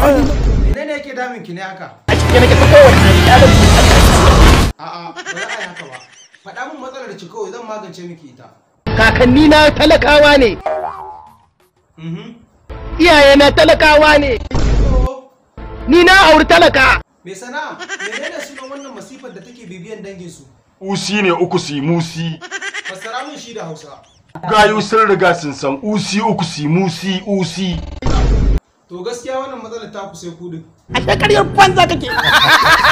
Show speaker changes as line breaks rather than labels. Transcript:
Mene ne yake damin ki ne haka? A cikin nake ta kowace hali ya
ba haka ba. Faɗa min matsalar ki kawai zan magance miki ita.
Kakanni na talakawa ne.
Mhm. Iyaye na talakawa ne. Oh. Ni na auri talaka.
Mai sana'a, menene sunan wannan masifar da take bibiyan dangin su?
Usi ne uku si musi.
Fassara min shi da Hausa.
Gayu sun riga sun san usi uku si musi usi.
to gaskiya wannan matsalar ta ku sai ku din a shekarar kwanza kake